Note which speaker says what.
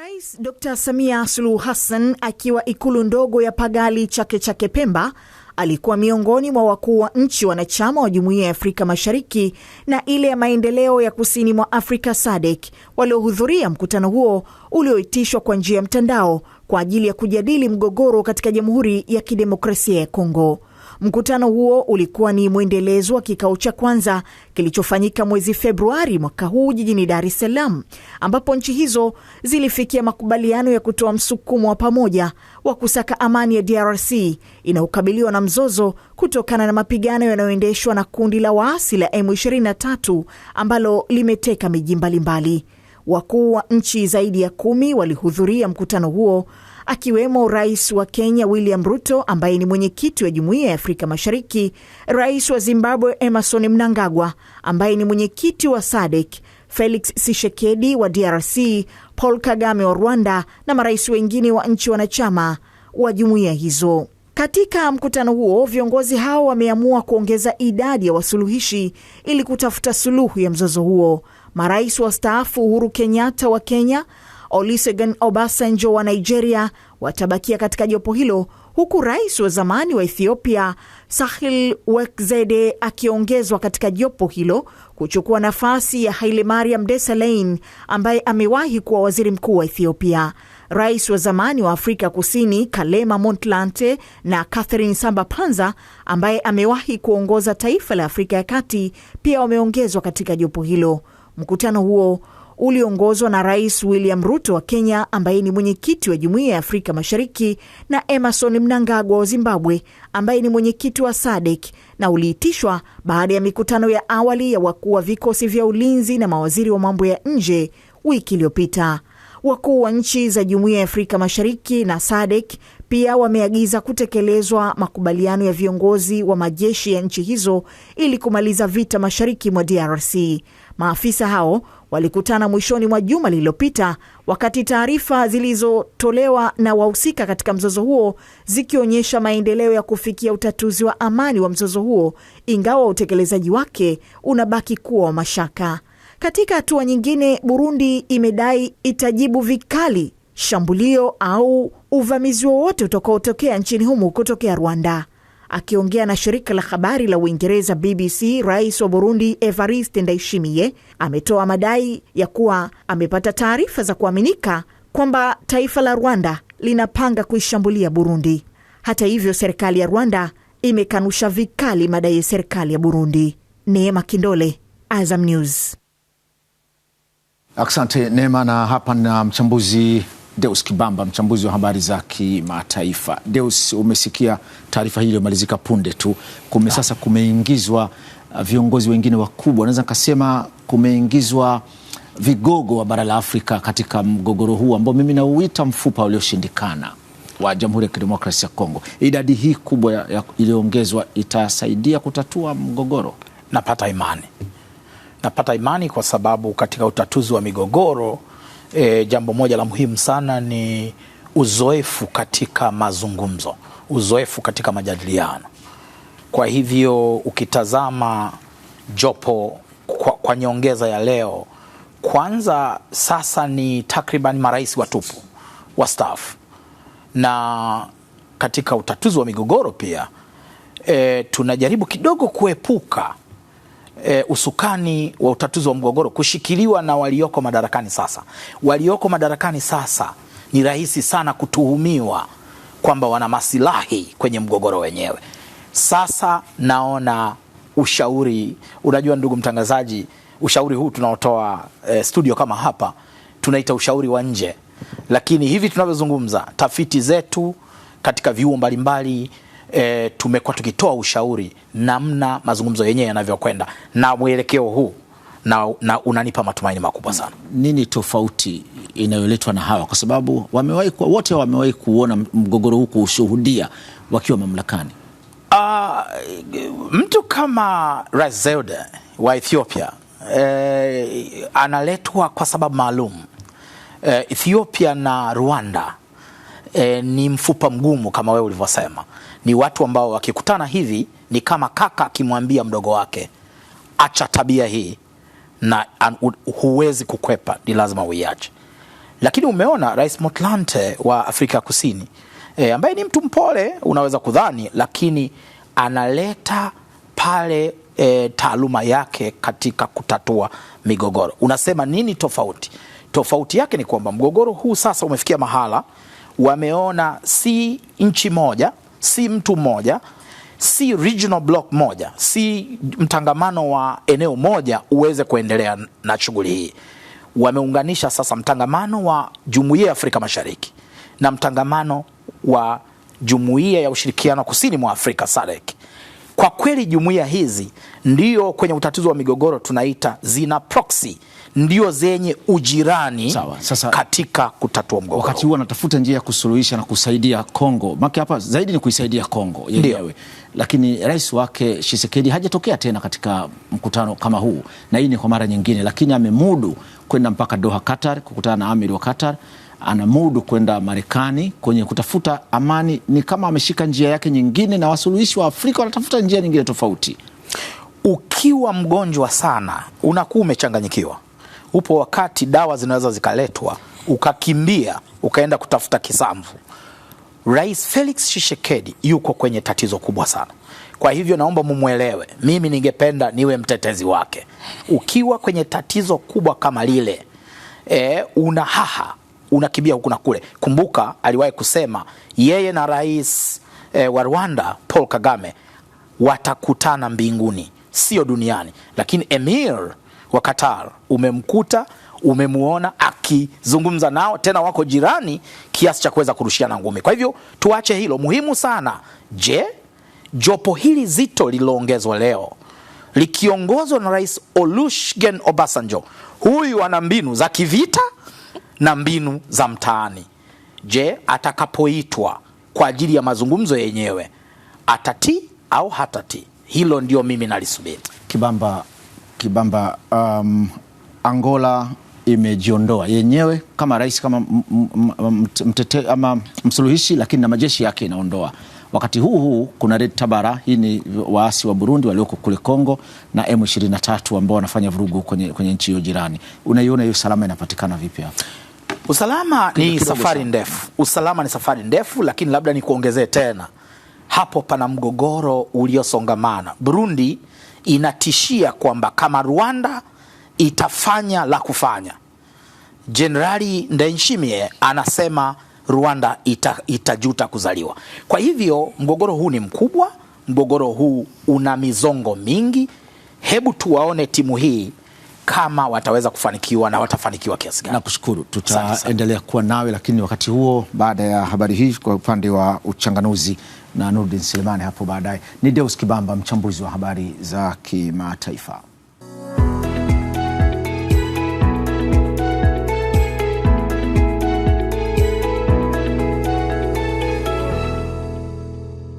Speaker 1: Rais Dr. Samia Suluhu Hassan akiwa ikulu ndogo ya Pagali Chake Chake Pemba alikuwa miongoni mwa wakuu wa nchi wanachama wa Jumuiya ya Afrika Mashariki na ile ya maendeleo ya Kusini mwa Afrika SADC waliohudhuria mkutano huo ulioitishwa kwa njia ya mtandao kwa ajili ya kujadili mgogoro katika Jamhuri ya Kidemokrasia ya Kongo. Mkutano huo ulikuwa ni mwendelezo wa kikao cha kwanza kilichofanyika mwezi Februari mwaka huu jijini Dar es Salaam, ambapo nchi hizo zilifikia makubaliano ya kutoa msukumo wa pamoja wa kusaka amani ya DRC inayokabiliwa na mzozo kutokana na mapigano yanayoendeshwa na kundi la waasi la M23 ambalo limeteka miji mbalimbali. Wakuu wa nchi zaidi ya kumi walihudhuria mkutano huo akiwemo rais wa Kenya William Ruto ambaye ni mwenyekiti wa jumuiya ya Afrika Mashariki, rais wa Zimbabwe Emerson Mnangagwa ambaye ni mwenyekiti wa SADC, Felix Tshisekedi wa DRC, Paul Kagame wa Rwanda na marais wengine wa nchi wanachama wa jumuiya hizo. Katika mkutano huo viongozi hao wameamua kuongeza idadi ya wasuluhishi ili kutafuta suluhu ya mzozo huo marais wa staafu Uhuru Kenyatta wa Kenya, Olusegun Obasanjo wa Nigeria watabakia katika jopo hilo, huku rais wa zamani wa Ethiopia Sahil Wekzede akiongezwa katika jopo hilo kuchukua nafasi ya mariam desalein ambaye amewahi kuwa waziri mkuu wa Ethiopia. Rais wa zamani wa Afrika Kusini kalema montlante na Catherine Samba-Panza ambaye amewahi kuongoza taifa la Afrika ya Kati pia wameongezwa katika jopo hilo. Mkutano huo uliongozwa na Rais William Ruto wa Kenya, ambaye ni mwenyekiti wa Jumuiya ya Afrika Mashariki, na Emerson Mnangagwa wa Zimbabwe, ambaye ni mwenyekiti wa sadek na uliitishwa baada ya mikutano ya awali ya wakuu wa vikosi vya ulinzi na mawaziri wa mambo ya nje wiki iliyopita. Wakuu wa nchi za Jumuiya ya Afrika Mashariki na sadek pia wameagiza kutekelezwa makubaliano ya viongozi wa majeshi ya nchi hizo ili kumaliza vita mashariki mwa DRC. Maafisa hao walikutana mwishoni mwa juma lililopita, wakati taarifa zilizotolewa na wahusika katika mzozo huo zikionyesha maendeleo ya kufikia utatuzi wa amani wa mzozo huo, ingawa utekelezaji wake unabaki kuwa wa mashaka. Katika hatua nyingine, Burundi imedai itajibu vikali shambulio au uvamizi wowote utakaotokea nchini humo kutokea Rwanda. Akiongea na shirika la habari la Uingereza BBC, rais wa Burundi Evariste Ndayishimiye ametoa madai ya kuwa amepata taarifa za kuaminika kwamba taifa la Rwanda linapanga kuishambulia Burundi. Hata hivyo, serikali ya Rwanda imekanusha vikali madai ya serikali ya Burundi. Neema Kindole, Azam News.
Speaker 2: Asante Neema, na hapa na mchambuzi Deus Kibamba, mchambuzi wa habari za kimataifa. Deus, umesikia taarifa hii iliyomalizika punde tu, kume ah. sasa kumeingizwa uh, viongozi wengine wakubwa, naweza nikasema kumeingizwa vigogo wa bara la Afrika katika mgogoro huu ambao mimi nauita mfupa ulioshindikana wa Jamhuri ya Kidemokrasia ya Kongo. Idadi hii kubwa iliyoongezwa itasaidia kutatua mgogoro?
Speaker 3: Napata imani Napata imani kwa sababu katika utatuzi wa migogoro e, jambo moja la muhimu sana ni uzoefu katika mazungumzo, uzoefu katika majadiliano. Kwa hivyo ukitazama jopo kwa, kwa nyongeza ya leo, kwanza sasa ni takriban marais watupu wastaafu, na katika utatuzi wa migogoro pia e, tunajaribu kidogo kuepuka e, usukani wa utatuzi wa mgogoro kushikiliwa na walioko madarakani sasa. Walioko madarakani sasa ni rahisi sana kutuhumiwa kwamba wana masilahi kwenye mgogoro wenyewe. Sasa naona ushauri, unajua ndugu mtangazaji, ushauri huu tunaotoa e, studio kama hapa tunaita ushauri wa nje, lakini hivi tunavyozungumza, tafiti zetu katika vyuo mbalimbali e, tumekuwa tukitoa ushauri namna mazungumzo yenyewe yanavyokwenda na mwelekeo huu na, na unanipa matumaini makubwa sana.
Speaker 2: Nini tofauti inayoletwa na hawa? Kwa sababu wamewahi wote wamewahi kuona mgogoro huu kuushuhudia wakiwa mamlakani.
Speaker 3: Uh, mtu kama Rais Zewde wa Ethiopia eh, analetwa kwa sababu maalum eh, Ethiopia na Rwanda e, ni mfupa mgumu kama wewe ulivyosema. Ni watu ambao wakikutana hivi ni kama kaka akimwambia mdogo wake acha tabia hii, na uh, huwezi kukwepa, ni lazima uiache. Lakini umeona Rais Motlanthe wa Afrika Kusini e, ambaye ni mtu mpole, unaweza kudhani, lakini analeta pale e, taaluma yake katika kutatua migogoro. Unasema nini tofauti? Tofauti yake ni kwamba mgogoro huu sasa umefikia mahala wameona si nchi moja, si mtu mmoja, si regional block moja, si mtangamano wa eneo moja uweze kuendelea na shughuli hii. Wameunganisha sasa mtangamano wa Jumuiya ya Afrika Mashariki na mtangamano wa Jumuiya ya Ushirikiano Kusini mwa Afrika SADC kwa kweli jumuiya hizi ndio kwenye utatuzi wa migogoro tunaita zina proxy, ndio zenye ujirani sawa. Sasa, katika kutatua mgogoro,
Speaker 2: wakati huo anatafuta njia ya kusuluhisha na kusaidia Kongo, maki hapa zaidi ni kuisaidia Kongo yenyewe, lakini rais wake Tshisekedi hajatokea tena katika mkutano kama huu, na hii ni kwa mara nyingine, lakini amemudu kwenda mpaka Doha, Qatar, kukutana na amiri wa Qatar. Anamudu kwenda Marekani kwenye kutafuta amani, ni kama ameshika njia yake nyingine, na wasuluhishi wa Afrika wanatafuta njia nyingine tofauti.
Speaker 3: Ukiwa mgonjwa sana, unakuwa umechanganyikiwa. Upo wakati dawa zinaweza zikaletwa, ukakimbia ukaenda kutafuta kisamvu. Rais Felix Tshisekedi yuko kwenye tatizo kubwa sana. Kwa hivyo naomba mumwelewe, mimi ningependa niwe mtetezi wake. Ukiwa kwenye tatizo kubwa kama lile e, una haha unakimbia huku na kule. Kumbuka aliwahi kusema yeye na rais e, wa Rwanda Paul Kagame watakutana mbinguni, sio duniani. Lakini Emir wa Qatar umemkuta umemuona akizungumza nao, tena wako jirani kiasi cha kuweza kurushiana ngumi. Kwa hivyo tuache hilo, muhimu sana. Je, jopo hili zito lililoongezwa leo likiongozwa na Rais Olusegun Obasanjo. Huyu ana mbinu za kivita na mbinu za mtaani. Je, atakapoitwa kwa ajili ya mazungumzo yenyewe atatii au hatatii? Hilo ndio mimi nalisubiri.
Speaker 2: Kibamba, Kibamba, um, Angola imejiondoa yenyewe kama rais kama mtete, ama msuluhishi, lakini na majeshi yake inaondoa Wakati huu huu kuna Red Tabara, hii ni waasi wa Burundi walioko kule Kongo na M23 ambao wanafanya vurugu kwenye, kwenye nchi hiyo jirani. Unaiona hiyo salama inapatikana vipi
Speaker 3: Usalama ni safari ndefu, usalama ni safari ndefu, lakini labda nikuongezee tena hapo, pana mgogoro uliosongamana. Burundi inatishia kwamba kama Rwanda itafanya la kufanya, Jenerali Ndayishimiye anasema Rwanda ita, itajuta kuzaliwa. Kwa hivyo mgogoro huu ni mkubwa, mgogoro huu una mizongo mingi. Hebu tuwaone timu hii kama wataweza kufanikiwa na watafanikiwa kiasi gani.
Speaker 2: Nakushukuru, tutaendelea kuwa nawe, lakini wakati huo, baada ya habari hii kwa upande wa uchanganuzi na Nurdin Selemani hapo baadaye. Ni Deus Kibamba, mchambuzi wa habari za kimataifa.